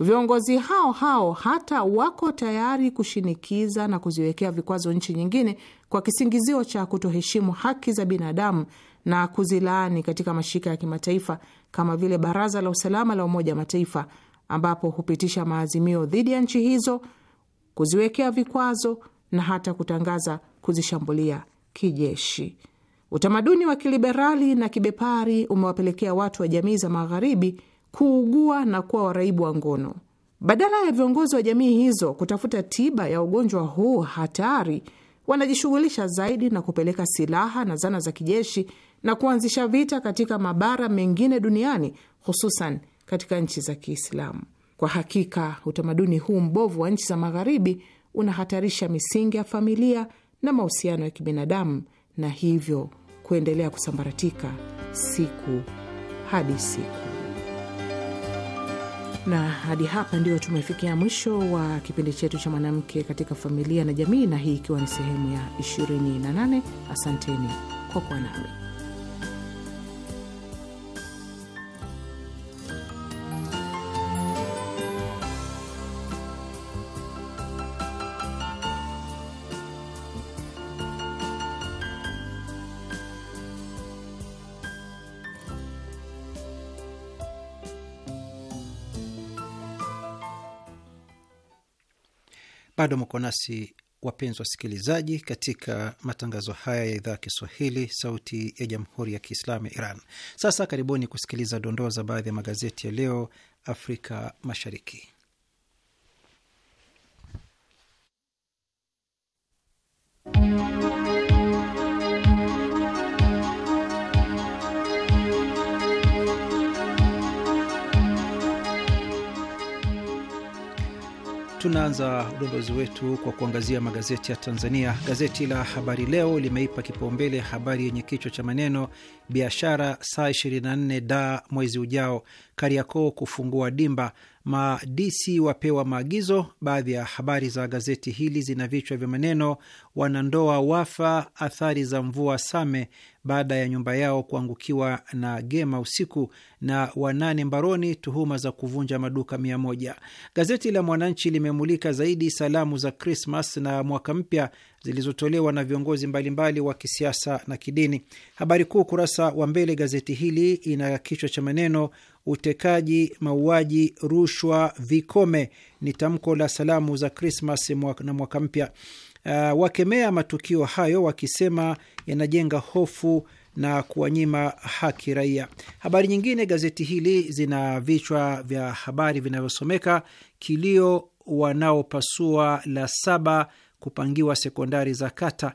Viongozi hao hao hata wako tayari kushinikiza na kuziwekea vikwazo nchi nyingine kwa kisingizio cha kutoheshimu haki za binadamu na kuzilaani katika mashirika ya kimataifa kama vile Baraza la Usalama la Umoja wa Mataifa, ambapo hupitisha maazimio dhidi ya nchi hizo, kuziwekea vikwazo na hata kutangaza kuzishambulia kijeshi. Utamaduni wa kiliberali na kibepari umewapelekea watu wa jamii za magharibi kuugua na kuwa waraibu wa ngono. Badala ya viongozi wa jamii hizo kutafuta tiba ya ugonjwa huu hatari, wanajishughulisha zaidi na kupeleka silaha na zana za kijeshi na kuanzisha vita katika mabara mengine duniani, hususan katika nchi za Kiislamu. Kwa hakika utamaduni huu mbovu wa nchi za magharibi unahatarisha misingi ya familia na mahusiano ya kibinadamu na hivyo kuendelea kusambaratika siku hadi siku. Na hadi hapa ndio tumefikia mwisho wa kipindi chetu cha mwanamke katika familia na jamii, na hii ikiwa ni sehemu ya 28. Asanteni kwa kuwa nami. Bado mko nasi wapenzi wasikilizaji, katika matangazo haya ya idhaa ya Kiswahili, sauti ya jamhuri ya kiislamu ya Iran. Sasa karibuni kusikiliza dondoo za baadhi ya magazeti ya leo Afrika Mashariki. Tunaanza udondozi wetu kwa kuangazia magazeti ya Tanzania. Gazeti la Habari Leo limeipa kipaumbele habari yenye kichwa cha maneno biashara saa 24 da mwezi ujao, Kariakoo kufungua dimba, madisi wapewa maagizo. Baadhi ya habari za gazeti hili zina vichwa vya maneno wanandoa wafa athari za mvua Same, baada ya nyumba yao kuangukiwa na gema usiku na wanane mbaroni, tuhuma za kuvunja maduka mia moja. Gazeti la Mwananchi limemulika zaidi salamu za Krismas na mwaka mpya zilizotolewa na viongozi mbalimbali wa kisiasa na kidini. Habari kuu ukurasa wa mbele gazeti hili ina kichwa cha maneno Utekaji, mauaji, rushwa vikome, ni tamko la salamu za Krismas na mwaka mpya uh, wakemea matukio hayo wakisema yanajenga hofu na kuwanyima haki raia. Habari nyingine gazeti hili zina vichwa vya habari vinavyosomeka kilio wanaopasua la saba kupangiwa sekondari za kata,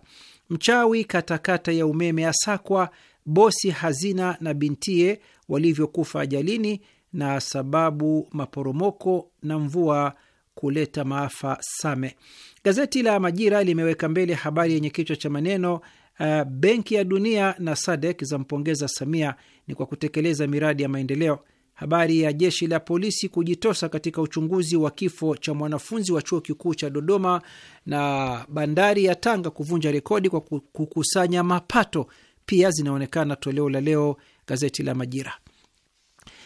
mchawi katakata kata ya umeme asakwa, bosi hazina na bintie walivyokufa ajalini, na sababu maporomoko na mvua kuleta maafa Same. Gazeti la Majira limeweka mbele habari yenye kichwa cha maneno uh, Benki ya Dunia na Sadek zampongeza Samia ni kwa kutekeleza miradi ya maendeleo. Habari ya jeshi la polisi kujitosa katika uchunguzi wa kifo cha mwanafunzi wa chuo kikuu cha Dodoma na bandari ya Tanga kuvunja rekodi kwa kukusanya mapato pia zinaonekana toleo la leo gazeti la Majira.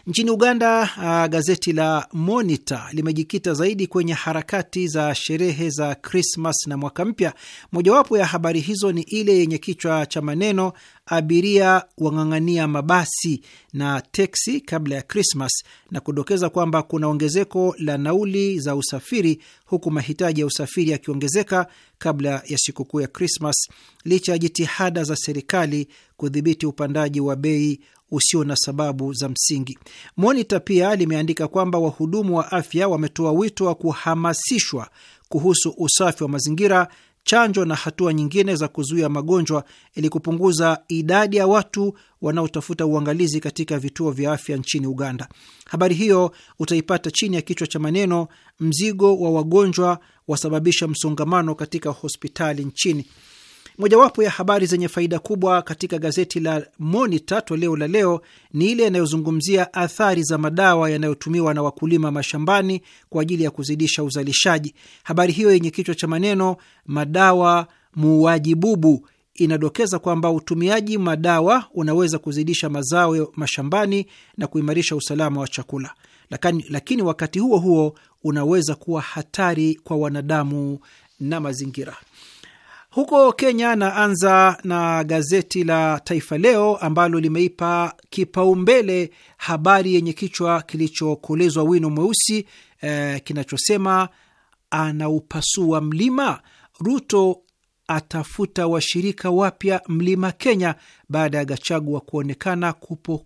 Nchini Uganda, uh, gazeti la Monitor limejikita zaidi kwenye harakati za sherehe za Krismas na mwaka mpya. Mojawapo ya habari hizo ni ile yenye kichwa cha maneno abiria wang'ang'ania mabasi na teksi kabla ya Krismas na kudokeza kwamba kuna ongezeko la nauli za usafiri huku mahitaji ya usafiri yakiongezeka kabla ya sikukuu ya Krismas licha ya jitihada za serikali kudhibiti upandaji wa bei usio na sababu za msingi. Monita pia limeandika kwamba wahudumu wa afya wametoa wito wa kuhamasishwa kuhusu usafi wa mazingira, chanjo na hatua nyingine za kuzuia magonjwa ili kupunguza idadi ya watu wanaotafuta uangalizi katika vituo vya afya nchini Uganda. Habari hiyo utaipata chini ya kichwa cha maneno mzigo wa wagonjwa wasababisha msongamano katika hospitali nchini. Mojawapo ya habari zenye faida kubwa katika gazeti la Monita toleo la leo ni ile yanayozungumzia athari za madawa yanayotumiwa na wakulima mashambani kwa ajili ya kuzidisha uzalishaji. Habari hiyo yenye kichwa cha maneno madawa muuaji bubu inadokeza kwamba utumiaji madawa unaweza kuzidisha mazao mashambani na kuimarisha usalama wa chakula, lakini, lakini wakati huo huo unaweza kuwa hatari kwa wanadamu na mazingira. Huko Kenya, naanza na gazeti la Taifa Leo ambalo limeipa kipaumbele habari yenye kichwa kilichokolezwa wino mweusi eh, kinachosema anaupasua mlima, Ruto atafuta washirika wapya mlima Kenya baada ya Gachagua kuonekana kupo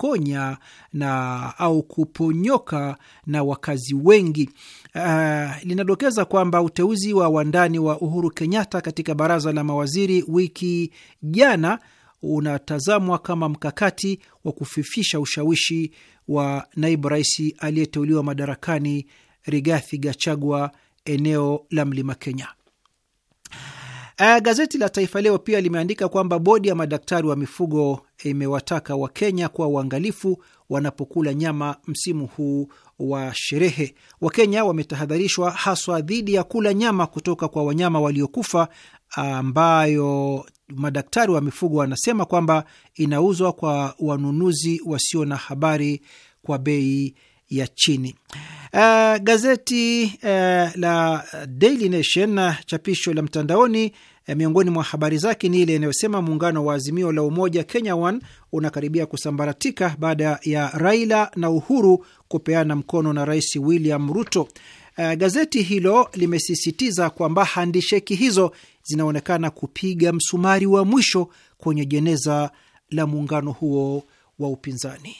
kuponya na au kuponyoka na wakazi wengi. Uh, linadokeza kwamba uteuzi wa wandani wa Uhuru Kenyatta katika baraza la mawaziri wiki jana unatazamwa kama mkakati wa kufifisha ushawishi wa naibu rais aliyeteuliwa madarakani Rigathi Gachagua eneo la Mlima Kenya. Uh, gazeti la Taifa Leo pia limeandika kwamba bodi ya madaktari wa mifugo imewataka Wakenya kuwa uangalifu wanapokula nyama msimu huu wa sherehe. Wakenya wametahadharishwa haswa dhidi ya kula nyama kutoka kwa wanyama waliokufa ambayo madaktari wa mifugo wanasema kwamba inauzwa kwa wanunuzi wasio na habari kwa bei ya chini. Uh, gazeti uh, la Daily Nation chapisho la mtandaoni Eh, miongoni mwa habari zake ni ile inayosema muungano wa Azimio la Umoja Kenya One unakaribia kusambaratika baada ya Raila na Uhuru kupeana mkono na Rais William Ruto. Uh, gazeti hilo limesisitiza kwamba handisheki hizo zinaonekana kupiga msumari wa mwisho kwenye jeneza la muungano huo wa upinzani.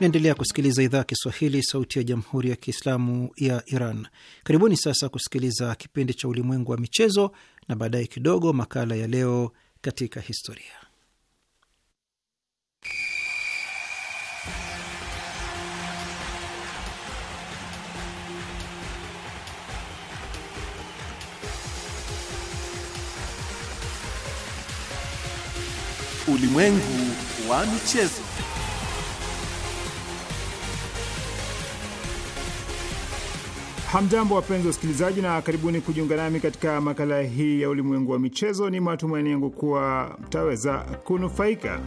Naendelea kusikiliza idhaa ya Kiswahili, sauti ya jamhuri ya kiislamu ya Iran. Karibuni sasa kusikiliza kipindi cha ulimwengu wa michezo na baadaye kidogo makala ya leo katika historia. Ulimwengu wa michezo. Hamjambo, wapenzi wa usikilizaji na karibuni kujiunga nami katika makala hii ya ulimwengu wa michezo. Ni matumaini yangu kuwa mtaweza kunufaika.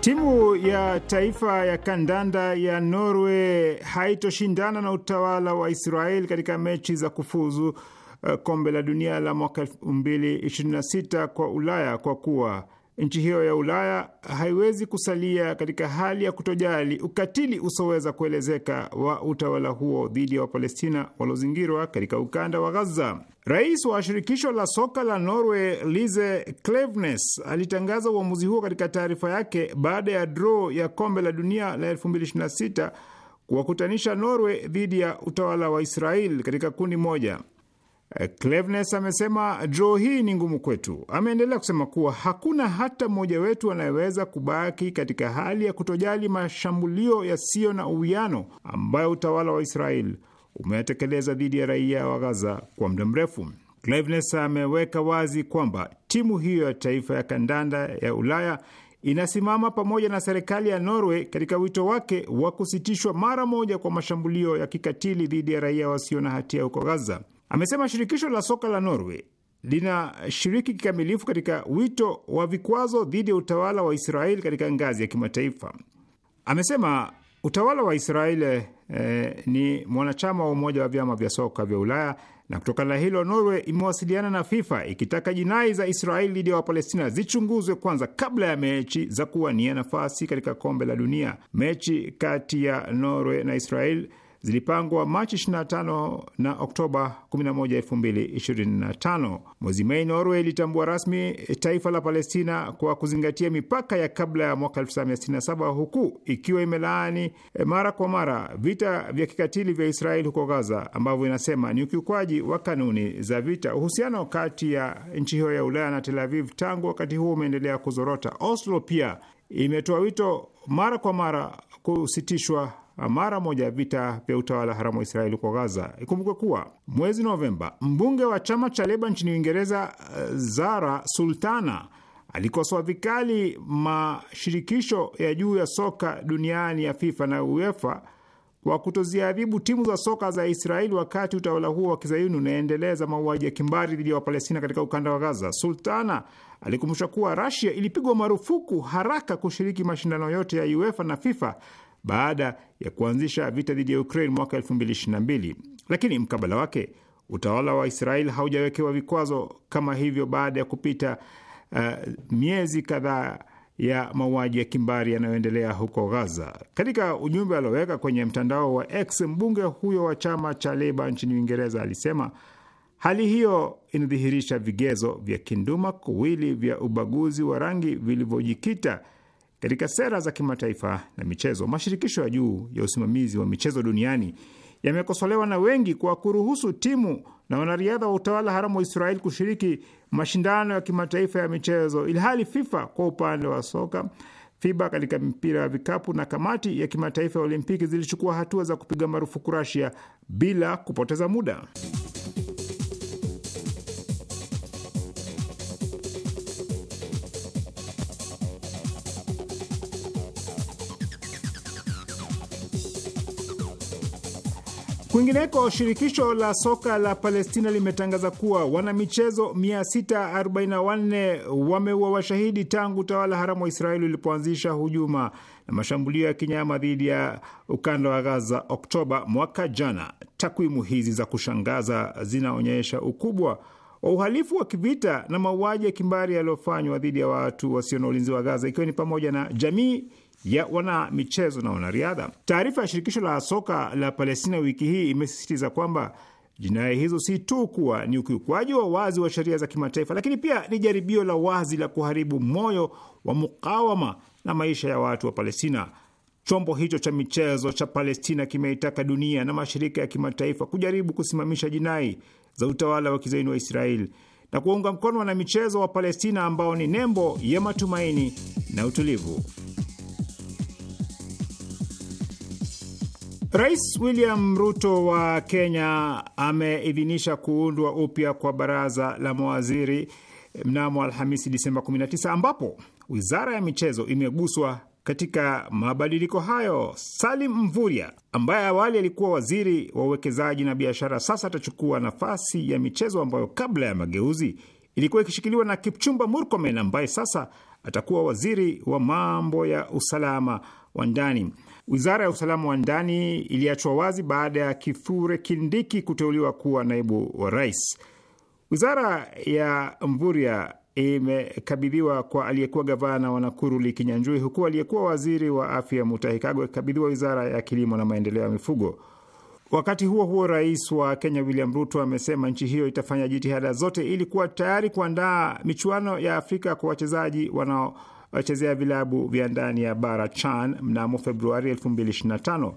Timu ya taifa ya kandanda ya Norway haitoshindana na utawala wa Israel katika mechi za kufuzu eh, kombe la dunia la mwaka 2026 kwa Ulaya kwa kuwa nchi hiyo ya Ulaya haiwezi kusalia katika hali ya kutojali ukatili usioweza kuelezeka wa utawala huo dhidi ya Wapalestina waliozingirwa katika ukanda wa Gaza. Rais wa shirikisho la soka la Norway Lise Klevnes alitangaza uamuzi huo katika taarifa yake baada ya draw ya kombe la dunia la 2026 kuwakutanisha Norway dhidi ya utawala wa Israel katika kundi moja. Eh, Clevenes amesema draw hii ni ngumu kwetu. Ameendelea kusema kuwa hakuna hata mmoja wetu anayeweza kubaki katika hali ya kutojali mashambulio yasiyo na uwiano ambayo utawala wa Israel umeyatekeleza dhidi ya raia wa Gaza kwa muda mrefu. Clevenes ameweka wazi kwamba timu hiyo ya taifa ya kandanda ya Ulaya inasimama pamoja na serikali ya Norway katika wito wake wa kusitishwa mara moja kwa mashambulio ya kikatili dhidi ya raia wasio na hatia huko Gaza. Amesema shirikisho la soka la Norway linashiriki kikamilifu katika wito wa vikwazo dhidi ya utawala wa Israeli katika ngazi ya kimataifa. Amesema utawala wa Israeli eh, ni mwanachama wa umoja wa vyama vya soka vya Ulaya na kutokana na hilo Norway imewasiliana na FIFA ikitaka jinai za Israeli dhidi ya Wapalestina zichunguzwe kwanza kabla ya mechi za kuwania nafasi katika kombe la dunia. Mechi kati ya Norway na Israeli zilipangwa Machi 25 na Oktoba 11, 2025. Mwezi Mei, Norway ilitambua rasmi taifa la Palestina kwa kuzingatia mipaka ya kabla ya mwaka 1967 huku ikiwa imelaani eh, mara kwa mara vita vya kikatili vya Israeli huko Gaza ambavyo inasema ni ukiukwaji wa kanuni za vita. Uhusiano kati ya nchi hiyo ya Ulaya na Tel Aviv tangu wakati huo umeendelea kuzorota. Oslo pia imetoa wito mara kwa mara kusitishwa mara moja vita vya utawala haramu wa Israeli kwa Gaza. ikumbuke kuwa mwezi Novemba, mbunge wa chama cha Leba nchini Uingereza, eh, Zara Sultana, alikosoa vikali mashirikisho ya juu ya soka duniani ya FIFA na UEFA kwa kutoziadhibu timu za soka za Israeli wakati utawala huo wa kizayuni unaendeleza mauaji ya kimbari dhidi ya Wapalestina katika ukanda wa Gaza. Sultana alikumbusha kuwa Rasia ilipigwa marufuku haraka kushiriki mashindano yote ya UEFA na FIFA baada ya kuanzisha vita dhidi ya Ukraine mwaka 2022. Lakini mkabala wake utawala wa Israel haujawekewa vikwazo kama hivyo baada ya kupita uh, miezi kadhaa ya mauaji ya kimbari yanayoendelea huko Gaza. Katika ujumbe alioweka kwenye mtandao wa X, mbunge huyo wa chama cha Leba nchini Uingereza alisema hali hiyo inadhihirisha vigezo vya kinduma kuwili vya ubaguzi wa rangi vilivyojikita katika sera za kimataifa na michezo, mashirikisho ya juu ya usimamizi wa michezo duniani yamekosolewa na wengi kwa kuruhusu timu na wanariadha wa utawala haramu wa israel kushiriki mashindano ya kimataifa ya michezo, ilhali FIFA kwa upande wa soka, FIBA katika mpira wa vikapu na kamati ya kimataifa ya Olimpiki zilichukua hatua za kupiga marufuku Rasia bila kupoteza muda. Kwingineko, shirikisho la soka la Palestina limetangaza kuwa wanamichezo 644 wameua washahidi tangu utawala haramu wa Israeli ulipoanzisha hujuma na mashambulio ya kinyama dhidi ya ukanda wa Gaza Oktoba mwaka jana. Takwimu hizi za kushangaza zinaonyesha ukubwa wa uhalifu wa kivita na mauaji ya kimbari yaliyofanywa dhidi ya watu wasio na ulinzi wa Gaza, ikiwa ni pamoja na jamii ya wanamichezo na wanariadha. Taarifa ya shirikisho la soka la Palestina wiki hii imesisitiza kwamba jinai hizo si tu kuwa ni ukiukwaji wa wazi wa sheria za kimataifa, lakini pia ni jaribio la wazi la kuharibu moyo wa mukawama na maisha ya watu wa Palestina. Chombo hicho cha michezo cha Palestina kimeitaka dunia na mashirika ya kimataifa kujaribu kusimamisha jinai za utawala wa kizaini wa Israeli na kuwaunga mkono wanamichezo wa Palestina ambao ni nembo ya matumaini na utulivu. Rais William Ruto wa Kenya ameidhinisha kuundwa upya kwa baraza la mawaziri mnamo Alhamisi Disemba 19 ambapo wizara ya michezo imeguswa katika mabadiliko hayo. Salim Mvurya ambaye awali alikuwa waziri wa uwekezaji na biashara, sasa atachukua nafasi ya michezo ambayo kabla ya mageuzi ilikuwa ikishikiliwa na Kipchumba Murkomen ambaye sasa atakuwa waziri wa mambo ya usalama wa ndani. Wizara ya usalama wa ndani iliachwa wazi baada ya Kithure Kindiki kuteuliwa kuwa naibu wa rais. Wizara ya Mvurya imekabidhiwa kwa aliyekuwa gavana wa Nakuru Liki Nyanjui, huku aliyekuwa waziri wa afya Mutahi Kagwe akikabidhiwa wizara ya kilimo na maendeleo ya mifugo. Wakati huo huo, rais wa Kenya William Ruto amesema nchi hiyo itafanya jitihada zote ili kuwa tayari kuandaa michuano ya Afrika kwa wachezaji wanao wachezea vilabu vya ndani ya bara CHAN mnamo Februari 2025.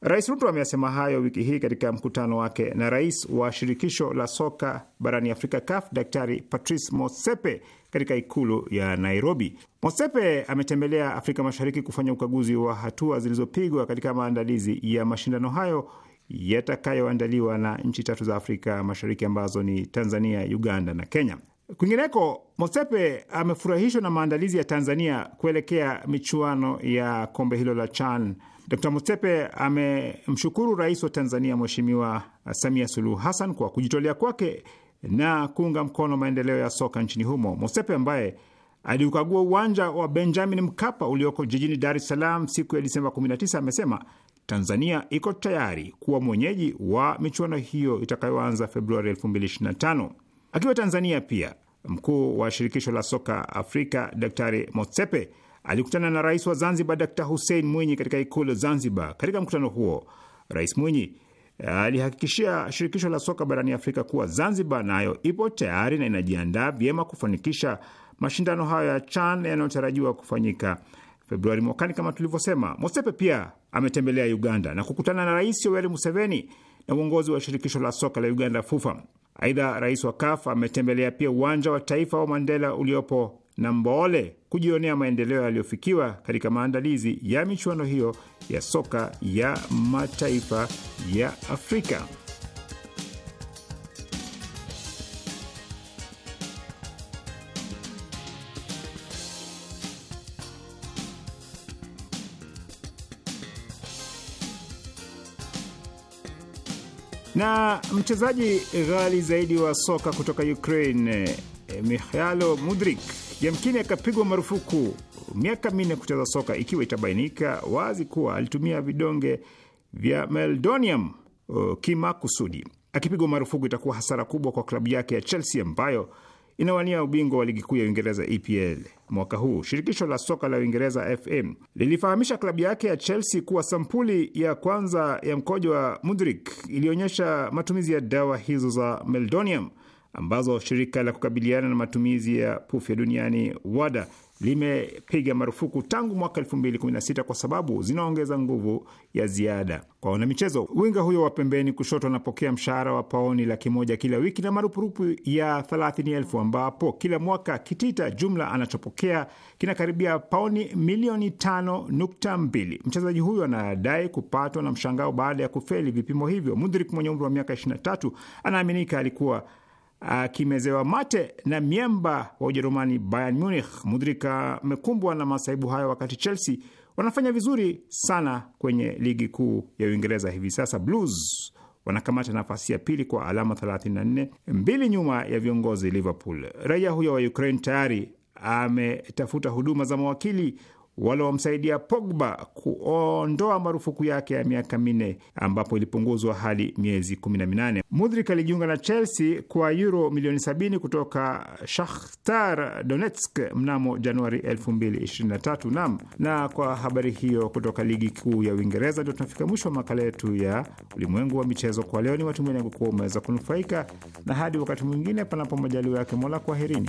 Rais Ruto ameasema hayo wiki hii katika mkutano wake na rais wa shirikisho la soka barani Afrika, CAF, Daktari Patrice Motsepe katika ikulu ya Nairobi. Motsepe ametembelea Afrika Mashariki kufanya ukaguzi wa hatua zilizopigwa katika maandalizi ya mashindano hayo yatakayoandaliwa na nchi tatu za Afrika Mashariki ambazo ni Tanzania, Uganda na Kenya. Kwingineko, Motsepe amefurahishwa na maandalizi ya Tanzania kuelekea michuano ya kombe hilo la CHAN. Dr Motsepe amemshukuru rais wa Tanzania Mheshimiwa Samia Suluhu Hassan kwa kujitolea kwake na kuunga mkono maendeleo ya soka nchini humo. Motsepe ambaye aliukagua uwanja wa Benjamin Mkapa ulioko jijini Dar es Salaam siku ya Disemba 19 amesema Tanzania iko tayari kuwa mwenyeji wa michuano hiyo itakayoanza Februari 2025. Akiwa Tanzania pia, mkuu wa shirikisho la soka Afrika Daktari Motsepe alikutana na rais wa Zanzibar Dakta Hussein Mwinyi katika ikulu Zanzibar. Katika mkutano huo, Rais Mwinyi eh, alihakikishia shirikisho la soka barani Afrika kuwa Zanzibar nayo na ipo tayari na inajiandaa vyema kufanikisha mashindano hayo ya CHAN yanayotarajiwa kufanyika Februari mwakani. Kama tulivyosema, Motsepe pia ametembelea Uganda na kukutana na Rais Yoweri Museveni na uongozi wa shirikisho la soka la Uganda, FUFA. Aidha, rais wa KAF ametembelea pia uwanja wa taifa wa Mandela uliopo Namboole kujionea maendeleo yaliyofikiwa katika maandalizi ya michuano hiyo ya soka ya mataifa ya Afrika. Na mchezaji ghali zaidi wa soka kutoka Ukraine eh, Mihailo Mudrik yamkini akapigwa marufuku miaka minne kucheza soka ikiwa itabainika wazi kuwa alitumia vidonge vya meldonium oh, kimakusudi. Akipigwa marufuku itakuwa hasara kubwa kwa klabu yake ya Chelsea ambayo inawania ubingwa wa ligi kuu ya Uingereza EPL mwaka huu. Shirikisho la soka la Uingereza fm lilifahamisha klabu yake ya Chelsea kuwa sampuli ya kwanza ya mkojo wa Mudrik ilionyesha matumizi ya dawa hizo za Meldonium ambazo shirika la kukabiliana na matumizi ya pufya duniani WADA limepiga marufuku tangu mwaka sita kwa sababu zinaongeza nguvu ya ziada kwa wanamichezo. Winga huyo wa pembeni kushoto anapokea mshahara wa paoni laki moja kila wiki na marupurupu ya thelathini elfu ambapo kila mwaka kitita jumla anachopokea kinakaribia paoni milioni tano nukta mbili. Mchezaji huyo anadai kupatwa na mshangao baada ya kufeli vipimo hivyo. Mudhrik mwenye umri wa miaka tatu anaaminika alikuwa akimezewa mate na miamba wa Ujerumani Bayern Munich. mudhirika amekumbwa na masaibu hayo wakati Chelsea wanafanya vizuri sana kwenye ligi kuu ya Uingereza hivi sasa. Blues wanakamata nafasi ya pili kwa alama 34, mbili nyuma ya viongozi Liverpool. Raia huyo wa Ukraine tayari ametafuta huduma za mawakili waliomsaidia Pogba kuondoa marufuku yake ya miaka minne ambapo ilipunguzwa hadi miezi 18. Mudrik alijiunga na Chelsea kwa euro milioni 70 kutoka Shakhtar Donetsk mnamo Januari 2023. Nam, na kwa habari hiyo kutoka ligi kuu ya Uingereza ndio tunafika mwisho wa makala yetu ya ulimwengu wa michezo kwa leo. Ni matumaini yangu kuwa umeweza kunufaika, na hadi wakati mwingine, panapo majaliwa yake Mola, kwaherini.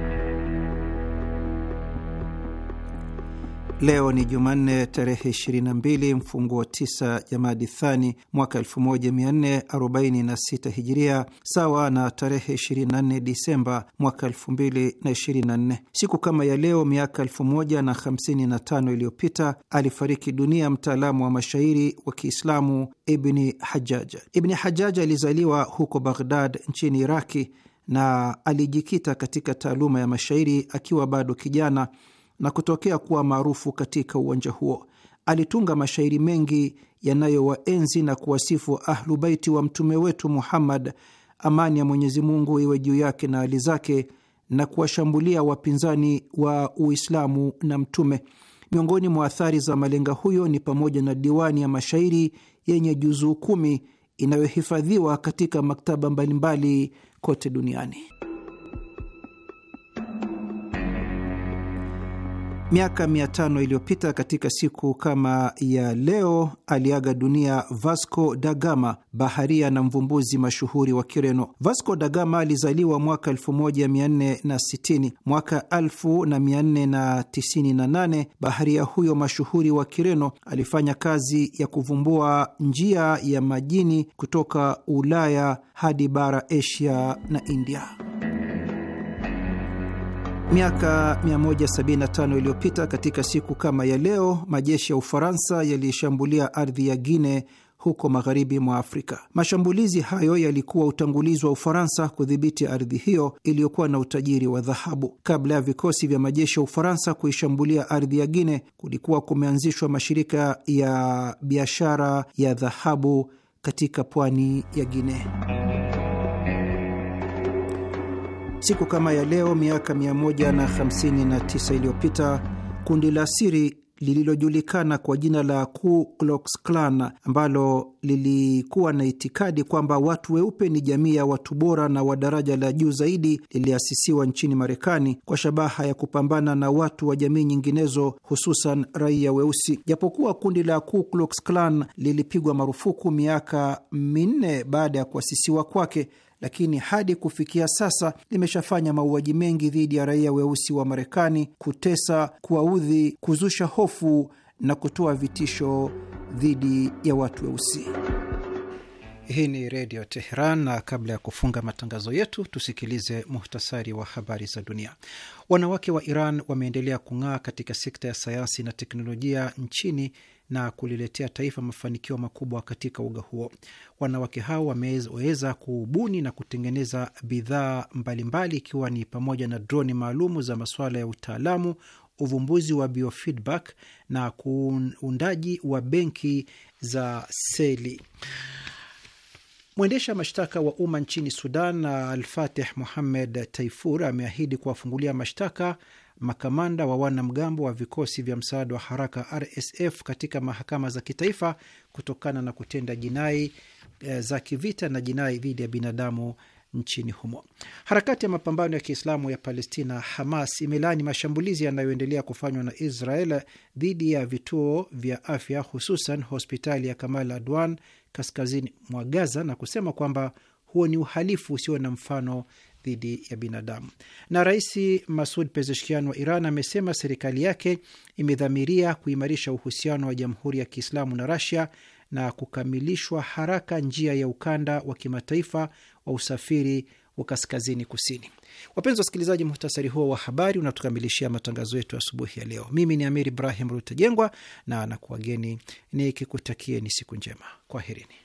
Leo ni Jumanne tarehe 22 mfunguo 9 Jamadi Thani mwaka 1446 Hijiria, sawa na tarehe 24 Disemba mwaka 2024. Siku kama ya leo miaka 1055 iliyopita alifariki dunia mtaalamu wa mashairi wa Kiislamu Ibni Hajjaj. Ibni hajaja alizaliwa huko Baghdad nchini Iraki na alijikita katika taaluma ya mashairi akiwa bado kijana na kutokea kuwa maarufu katika uwanja huo. Alitunga mashairi mengi yanayowaenzi na kuwasifu Ahlu Baiti wa mtume wetu Muhammad, amani ya Mwenyezi Mungu iwe juu yake na hali zake, na kuwashambulia wapinzani wa Uislamu na Mtume. Miongoni mwa athari za malenga huyo ni pamoja na diwani ya mashairi yenye juzuu kumi inayohifadhiwa katika maktaba mbalimbali kote duniani. Miaka tano iliyopita katika siku kama ya leo aliaga dunia Vasco da Gama, baharia na mvumbuzi mashuhuri wa Kireno. Vasco da Gama alizaliwa mwaka 1460. Mwaka 1498 baharia huyo mashuhuri wa Kireno alifanya kazi ya kuvumbua njia ya majini kutoka Ulaya hadi bara Asia na India. Miaka 175 iliyopita katika siku kama ya leo, majeshi ya Ufaransa yaliishambulia ardhi ya Guine huko magharibi mwa Afrika. Mashambulizi hayo yalikuwa utangulizi wa Ufaransa kudhibiti ardhi hiyo iliyokuwa na utajiri wa dhahabu. Kabla ya vikosi vya majeshi ya Ufaransa kuishambulia ardhi ya Guine, kulikuwa kumeanzishwa mashirika ya biashara ya dhahabu katika pwani ya Guinea. Siku kama ya leo miaka 159 iliyopita kundi la siri lililojulikana kwa jina la Ku Klux Klan ambalo lilikuwa na itikadi kwamba watu weupe ni jamii ya watu bora na wa daraja la juu zaidi liliasisiwa nchini Marekani kwa shabaha ya kupambana na watu wa jamii nyinginezo, hususan raia weusi. Japokuwa kundi la Ku Klux Klan lilipigwa marufuku miaka minne baada ya kuasisiwa kwake lakini hadi kufikia sasa limeshafanya mauaji mengi dhidi ya raia weusi wa Marekani, kutesa, kuwaudhi, kuzusha hofu na kutoa vitisho dhidi ya watu weusi. Hii ni Redio Teheran, na kabla ya kufunga matangazo yetu tusikilize muhtasari wa habari za dunia. Wanawake wa Iran wameendelea kung'aa katika sekta ya sayansi na teknolojia nchini na kuliletea taifa mafanikio makubwa katika uga huo. Wanawake hao wameweza kubuni na kutengeneza bidhaa mbalimbali, ikiwa ni pamoja na droni maalumu za masuala ya utaalamu, uvumbuzi wa biofeedback na kuundaji wa benki za seli. Mwendesha mashtaka wa umma nchini Sudan na Alfatih Muhammed Taifur ameahidi kuwafungulia mashtaka makamanda wa wanamgambo wa vikosi vya msaada wa haraka RSF katika mahakama za kitaifa kutokana na kutenda jinai eh, za kivita na jinai dhidi ya binadamu nchini humo. Harakati ya mapambano ya Kiislamu ya Palestina, Hamas, imelaani mashambulizi yanayoendelea kufanywa na Israel dhidi ya vituo vya afya, hususan hospitali ya Kamal Adwan kaskazini mwa Gaza na kusema kwamba huo ni uhalifu usio na mfano dhidi ya binadamu. Na Rais Masud Pezeshkian wa Iran amesema serikali yake imedhamiria kuimarisha uhusiano wa Jamhuri ya Kiislamu na Rasia na kukamilishwa haraka njia ya ukanda wa kimataifa wa usafiri wa kaskazini kusini. Wapenzi wa wasikilizaji, muhtasari huo wa habari unatukamilishia matangazo yetu asubuhi ya leo. Mimi ni Amir Ibrahim Rutajengwa na nakuwageni nikikutakieni siku njema. Kwaherini.